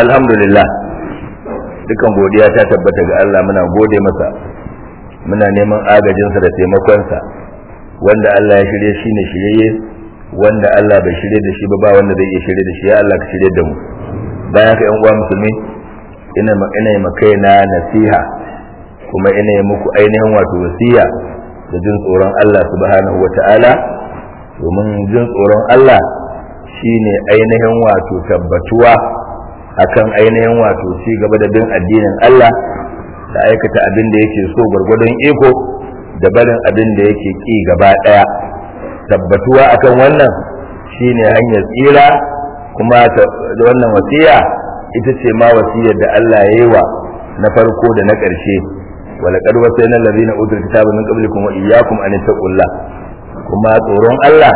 alhamdulillah dukan godiya ta tabbata ga Allah muna gode masa muna neman agajinsa da taimakonsa wanda Allah ya shirye shi ne shirye wanda Allah bai shirye da shi ba ba wanda zai iya shirye da shi ya Allah ka shirye da mu bayan ka yan uwa musulmi ina ina yi maka na nasiha kuma ina yi muku ainihin wato wasiya da jin tsoron Allah subhanahu wata'ala domin jin tsoron Allah shine ainihin wato tabbatuwa akan ainihin wato ci gaba da bin addinin Allah da aikata abin da yake so gwargwadon iko da barin abin da yake ki gaba daya tabbatuwa akan wannan shine hanyar tsira kuma da wannan wasiya ita ce ma wasiyar da Allah ya yi wa na farko da na ƙarshe walaqad wasayna allazina utul kitaba min qablikum wa iyyakum an taqullah kuma tsoron Allah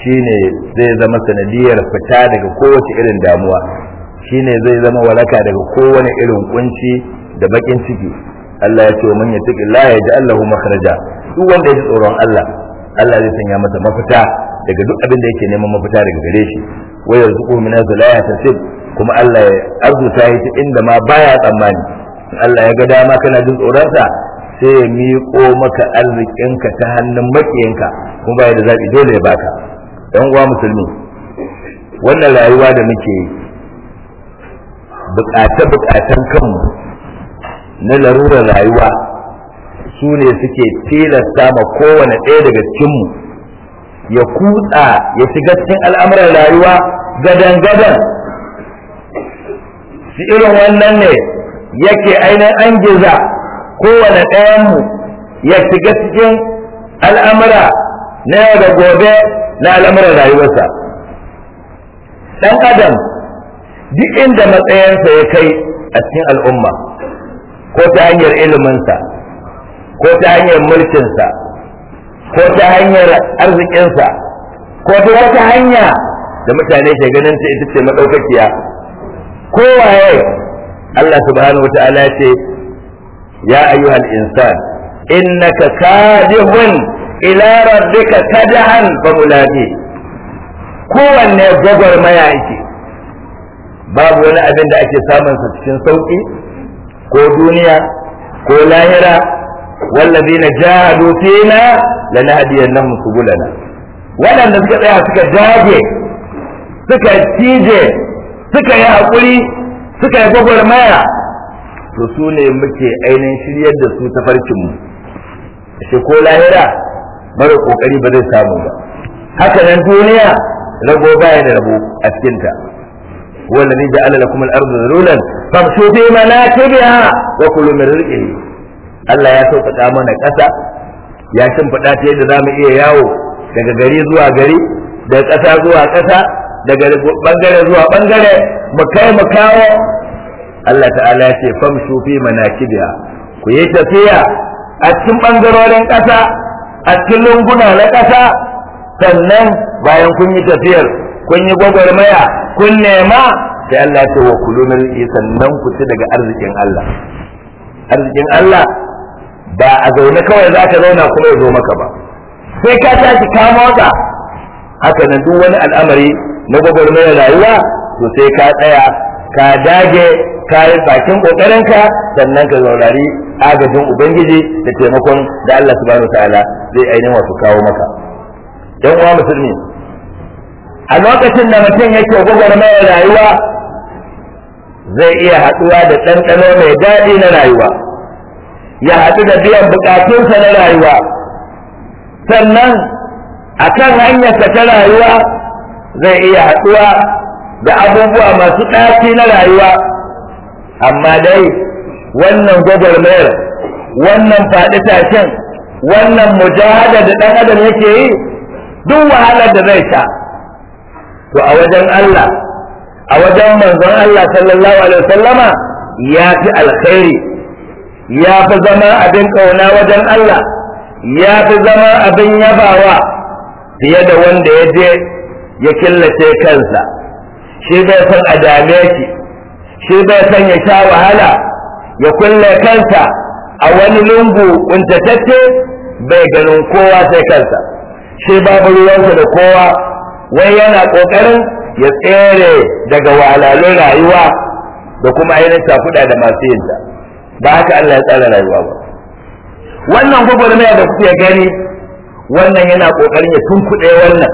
shine zai zama sanadiyar fita daga kowace irin damuwa shine zai zama walaka daga kowane irin kunci da bakin ciki Allah ya ce wa man yattaqi Allah ya ja'al makhraja duk wanda ya ji tsoron Allah Allah zai sanya masa mafita daga duk abin da yake neman mafita daga gare shi wa yarzuqu min la yahtasib kuma Allah ya arzuta shi ta inda ma baya tsammani Allah ya ga dama kana jin tsoron sa sai ya miƙo maka arzikinka ta hannun makiyanka kuma baya da zaɓi dole ya baka Ɗan uwa musulmi wannan rayuwa da muke yi Bukata bukatan kanmu na larurar rayuwa su ne suke tilasta ma kowane ɗaya daga cikinmu ya kutsa ya shiga cikin al'amuran rayuwa gadan-gadan shi irin wannan ne yake ainihin an giza kowane ɗayanmu ya shiga cikin al'amura na yau da gobe na al'amuran rayuwarsa ɗan adam duk inda matsayinsa ya kai a cikin al'umma ko ta hanyar iliminsa ko ta hanyar mulkinsa ko ta hanyar arzikinsa ko ta wata hanya da mutane ke ganin ta ita ce maɗaukakiya kowaye Allah subhanahu wata'ala ya ce ya ayyuhal insan innaka kadihun ila rabbika kadahan fa mulaqi kowanne maya yake babu wani abin da ake samun sa cikin sauki ko duniya ko lahira na jahadu fina lanahdiyannahum subulana waɗanda suka tsaya suka jage suka cije suka yi hakuri, suka yi gwagwarmaya to su ne muke ainihin shiryar da su ta tafarkinmu shi ko lahira mara ƙoƙari ba zai samu ba haka nan duniya rago baya da rabo a cikinta هو الذي جعل لكم الأرض ذلولا فامشوا في مناكبها وكلوا من رزقه Allah ya sauƙaƙa mana ƙasa ya shimfiɗa ta yadda za mu iya yawo daga gari zuwa gari da ƙasa zuwa ƙasa daga ɓangare zuwa ɓangare mu kai mu kawo Allah ta'ala ce famshu fi manakibiya ku yi tafiya a cikin ɓangarorin ƙasa a cikin lunguna na ƙasa sannan bayan kun yi tafiyar kun yi gwagwarmaya kun nema sai Allah ya ce wa kulu min sannan ku ci daga arzikin Allah arzikin Allah ba a zaune kawai za ka zauna kuma ya zo maka ba sai ka tashi ka motsa haka nan duk wani al'amari na gwagwarmaya rayuwa to sai ka tsaya ka dage ka yi bakin kokarinka sannan ka zaurari agajin ubangiji da taimakon da Allah subhanahu ta'ala zai ainihin wasu kawo maka yan uwa musulmi a lokacin da mutum yake gwagwarmayar rayuwa zai iya haɗuwa da ɗanɗano mai daɗi na rayuwa ya haɗu da biyan buƙatunsa na rayuwa sannan a kan hanyarsa ta rayuwa zai iya haɗuwa da abubuwa masu ɗaci na rayuwa amma dai wannan gwagwarmayar wannan faɗi tashin wannan mujahada da ɗan adam yake yi duk wahalar da zai sha to a wajen Allah a wajen manzon Allah sallallahu alaihi wasallama ya fi alkhairi ya fi zama abin kauna wajen Allah ya fi zama abin yabawa fiye da wanda ya je ya killace kansa shi bai san a dame shi shi bai san ya sha wahala ya kulle kansa a wani lungu kuntatacce bai ganin kowa sai kansa shi babu ruwansa da kowa wai yana kokarin ya tsere daga walalun rayuwa da kuma ainihin tafuda da masu yin ta ba haka Allah ya tsara rayuwa ba wannan gwagwarmaya da kuke gani wannan yana kokarin ya tunkuɗe wannan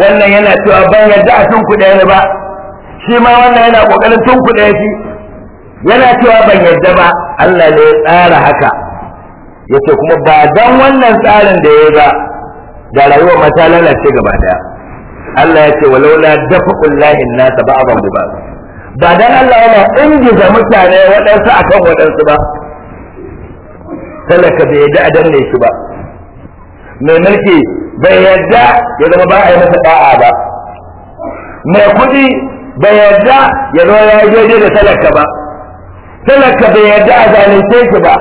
wannan yana cewa ban yadda a tunkuɗe ni ba shi ma wannan yana kokarin tunkuɗe shi yana cewa ban yadda ba Allah ne ya tsara haka yace kuma ba dan wannan tsarin da ya ba da rayuwar mata lalace gaba daya Allah ya ce walaula dafa'ullahi nasa ba a ba'd ba Ba dan Allah yana ingiza mutane waɗansu a kan waɗansu ba talaka bai yadda a danne shi ba mai mulki bai yadda ya zama ba a yi masa ɗa'a ba mai kuɗi bai yadda ya zo ya yi daidai da talaka ba talaka bai yadda a zalunce shi ba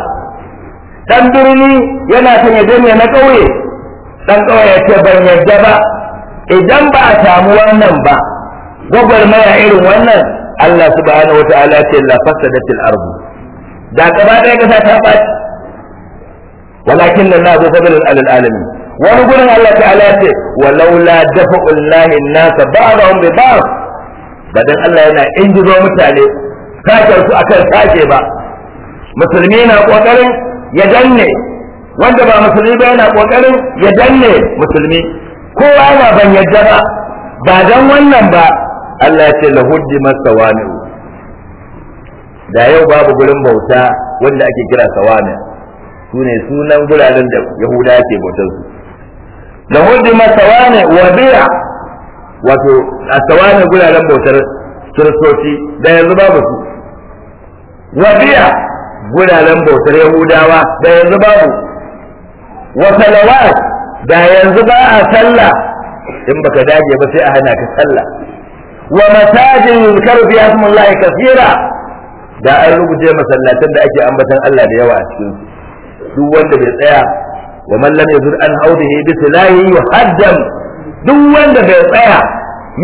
dan birni yana son ya danne na ƙauye dan ƙauye ya ce ban yadda ba idan ba a samu wannan ba gwagwarmaya irin wannan Allah subhanahu wa ta'ala ce la fasadatil ardu da gaba ɗaya ka ta ɓaci walakin nan na zo al alal alamin wani gurin Allah ta'ala ce walaula llahi an nasa ba'dahum bi ba'd badan Allah yana injizo mutane kakar su akan sake ba musulmi na kokarin ya danne wanda ba musulmi ba yana kokarin ya danne musulmi kowa na ban yadda ba ba don wannan ba Allah ya ce la hujjimat masawani da yau babu gurin bauta wanda ake kira su sune sunan guraren da yahuda ke bautar su la hujjimat masawani wa bi'a wato a sawani guraren bautar kiristoci da yanzu babu su wa bi'a guraren bautar yahudawa da yanzu babu wa salawat da yanzu ba a sallah in baka dage ba sai a hana ka sallah wa masajin yuzkaru fi ismullahi kaseera da an rubuce masallatan da ake ambatan Allah da yawa a cikin duk wanda bai tsaya wa man lam yazur an haudihi bi silahi yuhaddam duk wanda bai tsaya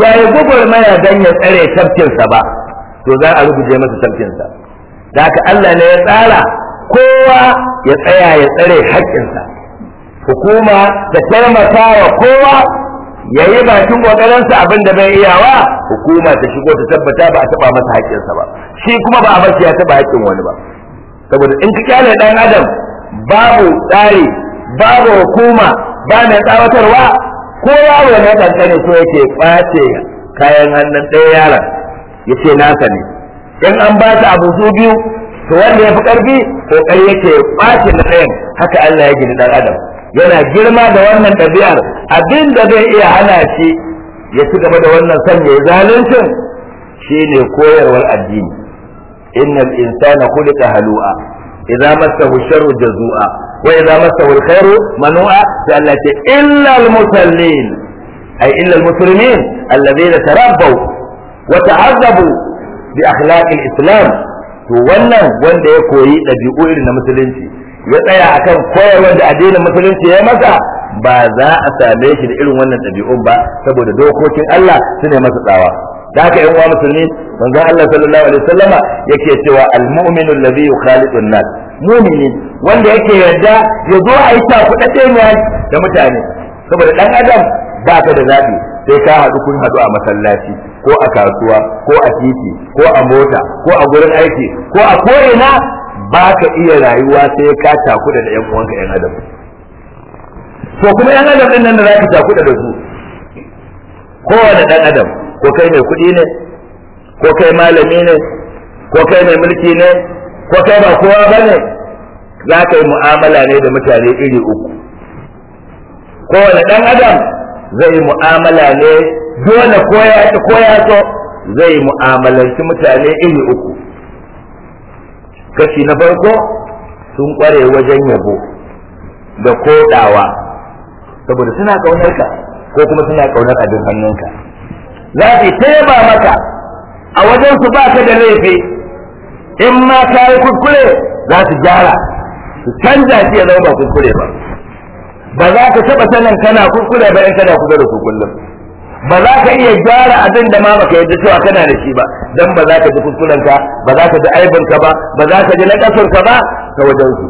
yayi gwagwarmaya dan ya tsare tafkinsa ba to za a rubuce masa tafkinsa da haka Allah ne ya tsara kowa ya tsaya ya tsare haƙƙinsa hukuma ta taimaka wa kowa ya yi bakin ƙoƙarinsa abin da bai wa? hukuma ta shigo ta tabbata ba a taɓa masa haƙƙinsa ba shi kuma ba a bashi ya taba haƙƙin wani ba saboda in ka kyale ɗan adam babu tsari babu hukuma ba mai tsawatarwa ko yaro ne kankane so yake kwace kayan hannun ɗaya yaron ya ce nasa ne in an ba ta abu su biyu to wanda ya fi ƙarfi ƙoƙari yake kwace na ɗayan haka Allah ya gini ɗan adam yana girma da wannan ɗabi'ar abinda zai iya hana shi ya ci gaba da wannan son mai zaluncin shine koyarwar addini innal insana khuliqa halu'a idza massahu sharru jazu'a wa idza massahu alkhairu manu'a sai Allah ce illa almusallin ay illa almuslimin alladhina tarabbaw wa ta'azzabu bi akhlaq islam to wannan wanda ya koyi ɗabi'u irin na musulunci ya tsaya akan koyarwar da addinin musulunci ya masa ba za a same shi da irin wannan ɗabi'un ba saboda dokokin Allah su ne masa tsawa da haka yan uwa musulmi manzon Allah sallallahu alaihi wasallama yake cewa al-mu'minu alladhi yukhalidun nas mu'mini wanda yake yarda ya zo a yi takudade ne da mutane saboda dan adam ba ka da zabi sai ka haɗu kun haɗu a masallaci ko a kasuwa ko a titi ko a mota ko a gurin aiki ko a ko'ina ba ka iya rayuwa sai ka takuda da 'yan uwanka 'yan adam to kuma 'yan adam ɗin nan da za ka takuda da su kowane ɗan adam ko kai mai kuɗi ne ko kai malami ne ko kai mai mulki ne ko kai ba kowa ba ne za ka yi mu'amala ne da mutane iri uku kowane ɗan adam zai yi mu'amala ne dole koya so zai yi mu'amalanci mutane iri uku kashi na farko sun kware wajen yabo da kodawa saboda suna kaunar ka ko kuma suna kaunar abin hannunka za su taiba maka a wajen su ba ka da laifi in ma ka yi kuskure za su gyara su canza shi ya zama ba kuskure ba ba za ka taba sanin kana kuskure ba in kana kusa da su kullum ba za ka iya gyara abin da ma baka yadda cewa kana da shi ba dan ba za ka ji kuskurenka ba za ka ji aibanka ba ba za ka ji na nakasarka ba ta wajen su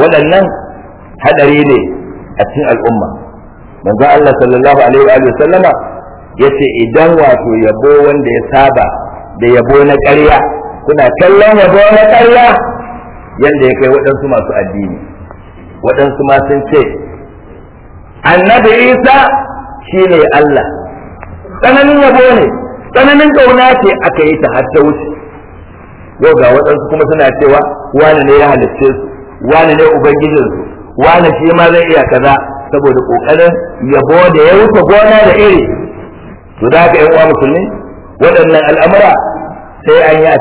waɗannan hadari ne a cikin al'umma manzo Allah sallallahu alaihi wa sallama yace idan wato yabo wanda ya saba da yabo na ƙarya kuna kallon yabo na ƙarya yanda ya kai waɗansu masu addini waɗansu ma sun ce annabi Isa Shi ne Allah tsananin yabo ne tsananin kauna ce aka yi ta har ta wuce yau ga waɗansu kuma suna cewa wani ne ya halicce su wani ne su wani shi ma zai iya kaza saboda kokarin yabo da ya wuce gona da iri to da ka yi uwa musulmi waɗannan al'amura sai an yi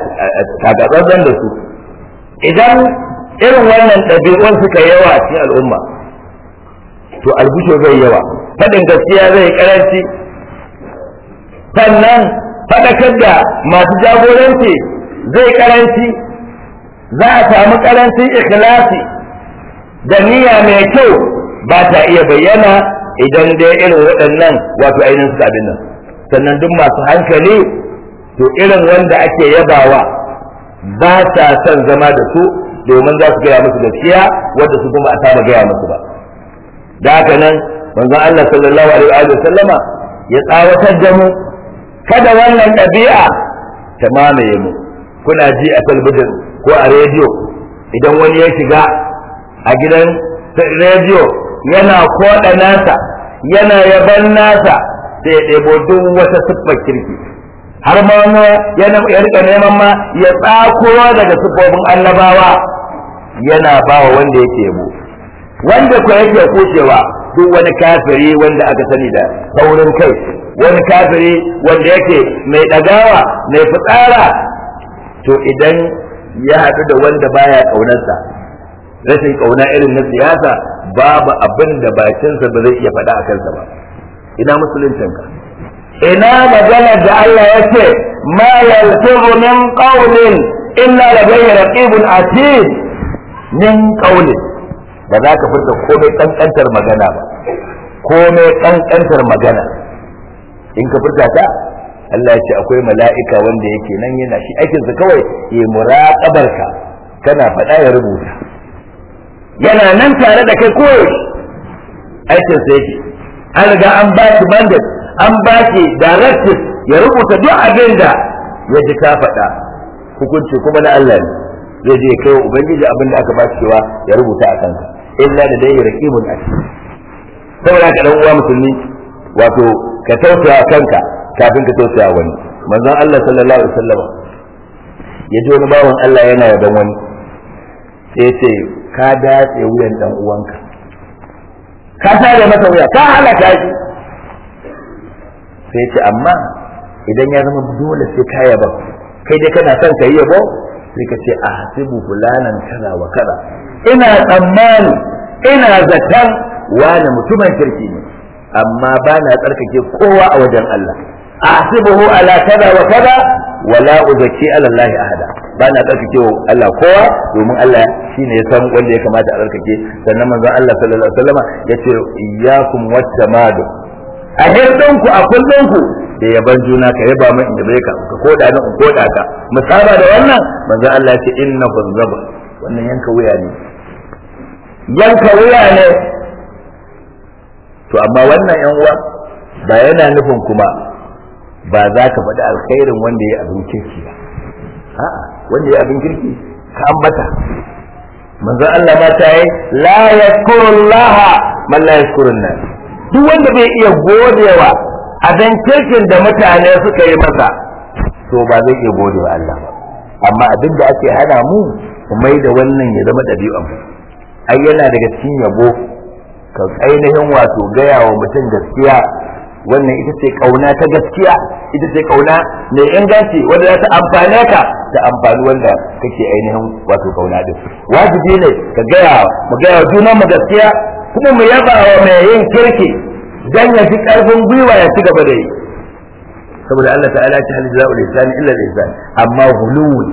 tagatsantsan da su idan irin wannan ɗabi'un suka yawa cikin al'umma to albusho zai yawa faɗin gaskiya zai karanci sannan faɗakar da masu jagoranci zai karanci za a samu karancin ikhlasi da niyya mai kyau ba ta iya bayyana idan dai irin waɗannan wato ainihin su abin nan sannan duk masu hankali to irin wanda ake yabawa ba ta son zama da su domin za su gaya musu gaskiya wadda su kuma a saba gaya musu ba da haka nan manzo Allah sallallahu alaihi wa sallama ya tsawatar da mu kada wannan ɗabi'a ta mamaye mu kuna ji a talbijin ko a rediyo idan wani ya shiga a gidan rediyo yana koɗa nasa yana yaban nasa sai ya ɗebo duk wata siffar kirki har ma yana ya rika neman ma ya tsako daga siffofin annabawa yana bawa wanda yake yabo wanda ku yake kucewa duk wani kafiri wanda aka sani da saurin kai wani kafiri wanda yake mai ɗagawa mai fitsara to idan ya haɗu da wanda baya ƙaunarsa rashin ƙauna irin na siyasa babu abin da bakinsa ba zai iya faɗa a kansa ba ina musuluncinka ina magana da Allah ya ce ma yalfizu min qawlin illa ladayhi raqibun atid min qawlin ba za ka furta komai kankantar magana ba komai kankantar magana in ka furta ta Allah ya ce akwai mala'ika wanda yake nan yana shi aikin sa kawai ya muraqabar ka kana faɗa ya rubuta yana nan tare da kai koyaushe aikin sa yake an riga an ba shi mandate an ba shi directive ya rubuta duk abin ya ji ka faɗa hukunci kuma na Allah ne zai je kai wa ubangiji abin da aka ba cewa ya rubuta a kanka illa da dai raqibun saboda ka dan uwa musulmi wato ka tausaya kanka kafin ka tausaya wani manzon Allah sallallahu alaihi wasallam ya ji wani bawan Allah yana yaban wani sai ya ce ka datse wuyan dan uwanka ka tare masa wuya ka halaka shi sai ce amma idan ya zama dole sai ka yaba kai dai kana son ka yi yabo sai ka ce a hasibu fulanan kaza wa kaza ina tsammani ina zaton wani mutumin kirki ne amma ba na tsarkake kowa a wajen Allah ahsibuhu ala kaza wa kaza wala uzaki ala Allah ahada ba na tsarkake Allah kowa domin Allah shi ne ya san wanda ya kamata a tsarkake sannan manzo Allah sallallahu alaihi wasallam yace iyyakum wattamadu a hirdinku a kullunku da yaban juna ka yaba min inda bai ka ka koda ni in koda ka musaba da wannan manzon Allah ce innahu zabr wannan yanka wuya ne yanka wuya ne to amma wannan yan uwa ba yana nufin kuma ba za ka faɗi alkhairin wanda ya abin kirki ba a'a wanda ya abin kirki ka ambata manzo Allah ma ta yi la yazkurullah man la yazkurun nan. duk wanda bai iya godewa abin kirkin da mutane suka yi masa to ba zai iya godewa Allah ba amma abin da ake hana mu mai da wannan ya zama ɗabi'an mu ai yana daga cikin yabo ka ainihin wato gaya wa mutum gaskiya wannan ita ce kauna ta gaskiya ita ce kauna mai inganci wanda za ta amfane ka ta amfani wanda kake ainihin wato kauna din wajibi ne ka gaya mu gaya wa junan mu gaskiya kuma mu yaba wa mai yin kirki dan ya ji karfin gwiwa ya ci gaba da yi saboda Allah ta'ala ya ce hal jazaa'ul ihsani illa da ihsan amma hulul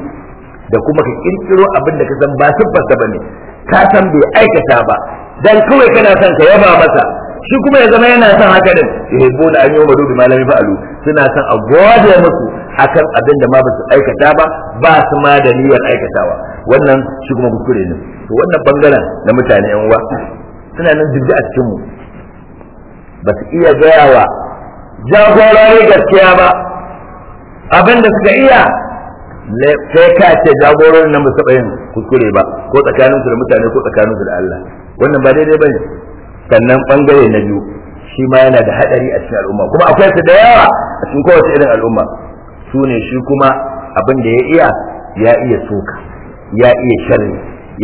da kuma ka kirkiro abin da ka san ba siffar ba ne ka san bai aikata ba dan kawai kana son ka yaba masa shi kuma ya zama yana son haka din yuhibbu da an yawma dubi malami alu suna son a gode musu akan abin da ma ba su aikata ba ba su ma da niyyar aikatawa wannan shi kuma kuskure ne to wannan bangaren na mutane yan uwa suna nan jirgi a cikin mu ba su iya gayawa wa jagorori gaskiya ba abin da suka iya sai ka ce jagororin nan ba su yin kuskure ba ko tsakanin su da mutane ko tsakanin su da Allah wannan ba daidai bane sannan bangare na biyu shi ma yana da hadari a cikin al'umma kuma akwai su da yawa a cikin kowace irin al'umma su ne shi kuma abin da ya iya ya iya soka ya iya sharri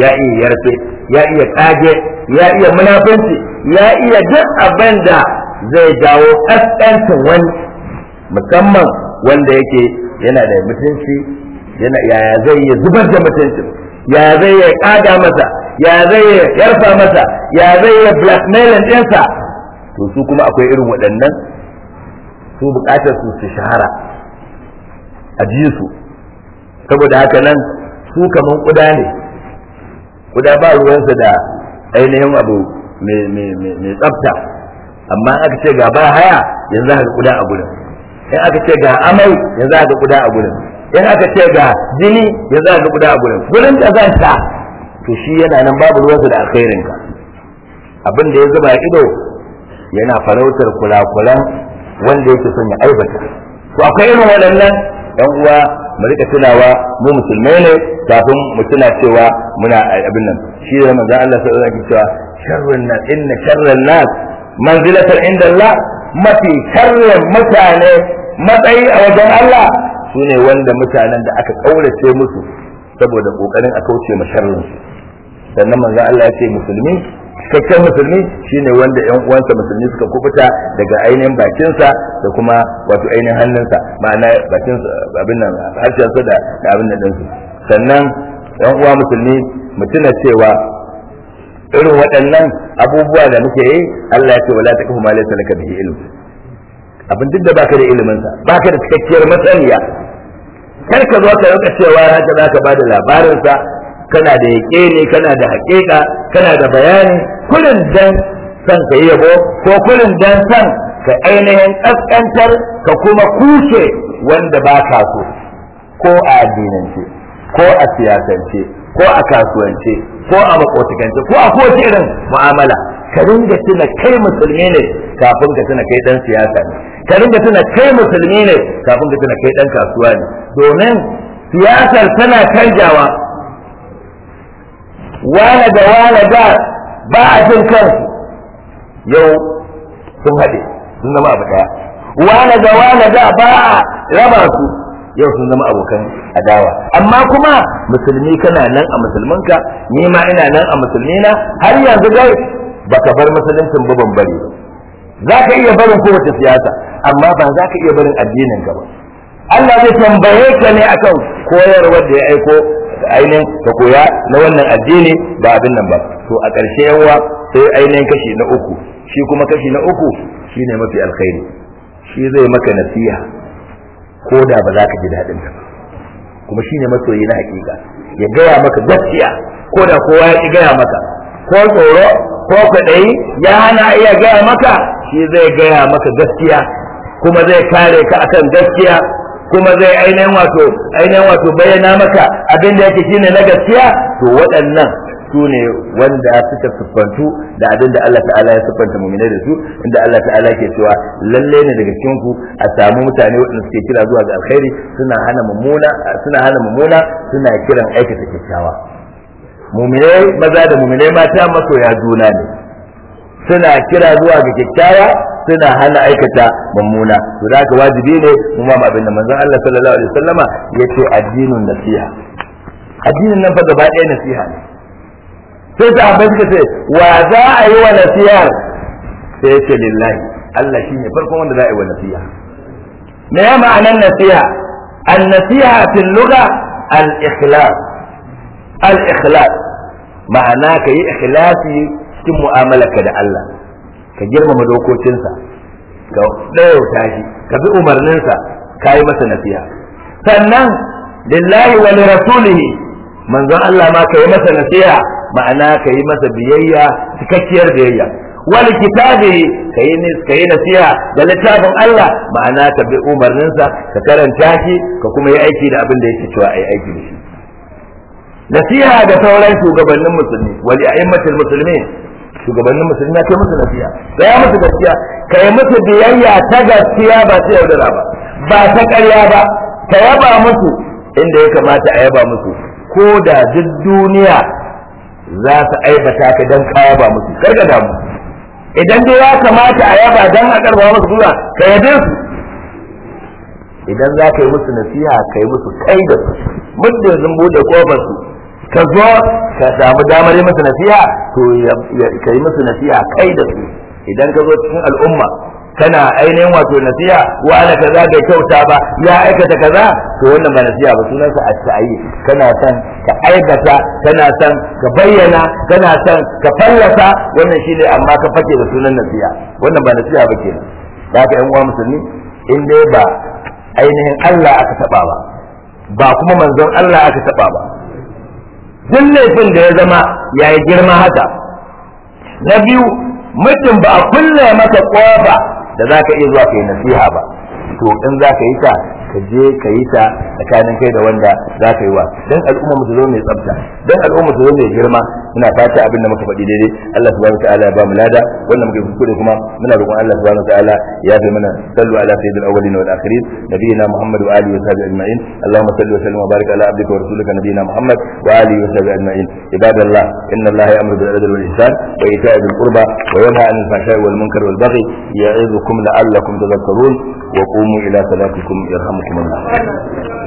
ya iya yarfe ya iya kage ya iya munafanci ya iya duk abin da zai dawo kaskancin wani musamman wanda yake yana da mutunci yana yaya zai yi zubar da mutuncin ya zai ya kada masa ya zai ya yarfa masa ya zai ya blackmail ɗinsa to su kuma akwai irin waɗannan su buƙatar su su shahara a ji su saboda haka nan su kamar kuda ne kuda ba ruwansa da ainihin abu mai tsafta amma aka ce ga ba haya yanzu haka kuda a gurin in aka ce ga amai yanzu haka kuda a gurin in aka ce ga jini ya za ga guda a gurin gurin da zan ta to shi yana nan babu ruwansa da alkhairin ka abin da ya zuba ido yana farautar kula-kulan wanda yake son ya aibata to akwai irin waɗannan yan uwa mu rika tunawa mu musulmai ne kafin mu tuna cewa muna abin nan shi da manzo Allah sallallahu alaihi wasallam cewa sharrun nas inna sharran nas manzilatan inda Allah mafi sharrin mutane matsayi a wajen Allah su ne wanda mutanen da aka ƙaurace musu saboda ƙoƙarin a kauce su sannan manzo Allah ya ce musulmi cikakken musulmi shine wanda 'yan uwansa musulmi suka kubuta daga ainihin bakinsa da kuma wato ainihin hannunsa ma'ana bakin abin nan harshen su da abin nan ɗinsu sannan 'yan uwa musulmi mutuna cewa irin waɗannan abubuwa da muke yi Allah ya ce wala taqfu ma laysa laka bihi ilm abin duk da baka da ilimin sa baka da cikakkiyar masaniya kar ka zo ka rinka cewa haka za ka bada labarinsa kana da yake ne kana da haƙiƙa kana da bayani kullun dan san ka yabo ko kullun dan san ka ainihin kaskantar ka kuma kushe wanda ba ka so ko a addinance ko a siyasance ko a kasuwance ko a makotikance ko a kowace irin mu'amala ka ringa tuna kai musulmi ne kafin ka tuna kai dan siyasa ne ka ringa tuna kai musulmi ne kafin ka tuna kai dan kasuwa ne domin siyasar tana canjawa wala da wala da ba a jin kan yau sun haɗe sun zama abu ɗaya wala da wala da ba a raba su yau sun zama abokan adawa amma kuma musulmi kana nan a musulmanka ni ma ina nan a musulmina har yanzu dai baka bar musuluncin ba ban bari za ka iya barin kowace siyasa amma ba za ka iya barin addinin ka ba Allah zai tambaye ka ne akan koyarwar da ya aiko ainihin ka koya na wannan addini ba abin nan ba to a ƙarshe yawa sai ainihin kashi na uku shi kuma kashi na uku shine mafi alkhairi shi zai maka nasiha ko da ba za ka ji daɗin ba kuma shine masoyi na hakika ya gaya maka gaskiya ko da kowa ya ƙi gaya maka ko tsoro ko kwaɗayi ya hana iya gaya maka shi zai gaya maka gaskiya kuma zai kare ka akan gaskiya kuma zai ainihin wato ainihin wato bayyana maka abin da yake shine na gaskiya to waɗannan su ne wanda suka siffantu da abin da Allah ta'ala ya siffanta mu'minai da su inda Allah ta'ala ke cewa lalle ne daga cikin ku a samu mutane waɗanda suke kira zuwa ga alkhairi suna hana mummuna suna hana mummuna suna kiran aikata kyakkyawa muminai maza da muminai mata masoya juna ne suna kira zuwa ga kyakkyawa suna hana aikata mummuna to da haka wajibi ne mu ma abin da manzon Allah sallallahu alaihi wasallama yace addinin nasiha addinin nan fa gaba ɗaya nasiha ne sai sahabbai suka ce wa za a yi wa nasiha sai yace lillahi Allah shine farkon wanda za a yi wa nasiha me ya ma'anar nasiha an nasiha fil lugha al ikhlas al-ikhlas ma'ana ka yi ikhlasi cikin mu'amalarka da Allah ka girmama dokokinsa ka ɗayauta shi ka bi umarninsa ka yi masa nasiha sannan lillahi wa rasulihi manzon Allah ma ka yi masa nasiha ma'ana ka yi masa biyayya cikakkiyar biyayya wal kitabi ka yi ka yi nasiha da littafin Allah ma'ana ka bi umarninsa ka karanta shi ka kuma yi aiki da abin da yake cewa ai aiki da shi nasiha da sauran shugabannin musulmi wali a'immatul muslimin shugabannin musulmi kai musu nasiha da ya musu gaskiya kai musu biyayya ta gaskiya ba ta yaudara ba ba ta ƙarya ba ka yaba musu inda ya kamata a yaba musu ko da duk duniya za su aibata ka dan ka yaba musu kar ka damu idan dai ya kamata a yaba dan a karba musu zuwa ka yabe su idan za ka yi musu nasiha ka yi musu kai da su muddin zumbu da kofar su ka zo ka samu damar yi musu nasiha to ka yi musu nasiha kai da su idan ka zo cikin al'umma kana ainihin wato nasiha wa ana kaza bai kyauta ba ya aikata kaza to wannan ba nasiha ba sa a ta'ayi kana san ka aikata kana san ka bayyana kana san ka fallasa wannan shine amma ka fake da sunan nasiha wannan ba nasiha ba ke da ka yan uwa musulmi in dai ba ainihin Allah aka taba ba ba kuma manzon Allah aka taba ba duk laifin da ya zama ya yi girma haka na biyu mutum ba a kulle maka ƙofa da za ka iya zuwa ka yi nasiha ba to in za ka yi ta ka je ka yi ta tsakanin kai da wanda za ka yi wa dan al'umma mu zo mai tsafta dan al'umma mu zo mai girma muna fata abin da muka faɗi daidai Allah subhanahu wataala ya ba mu lada wannan muke kuskure kuma muna roƙon Allah subhanahu wataala ya bi mana sallu ala sayyidil awwalin wal akhirin nabiyina Muhammad wa alihi wa sahbihi ajma'in Allahumma salli wa sallim wa barik ala abdika wa rasulika nabiyina Muhammad wa alihi wa sahbihi ajma'in ibadallah inna Allah ya'muru bil adli wal ihsan wa ita'i dhil qurba wa yanha 'anil fahsha'i wal munkari wal baghi ya'idhukum la'allakum tadhakkarun wa qumu ila salatikum yarhamukum cikin wannan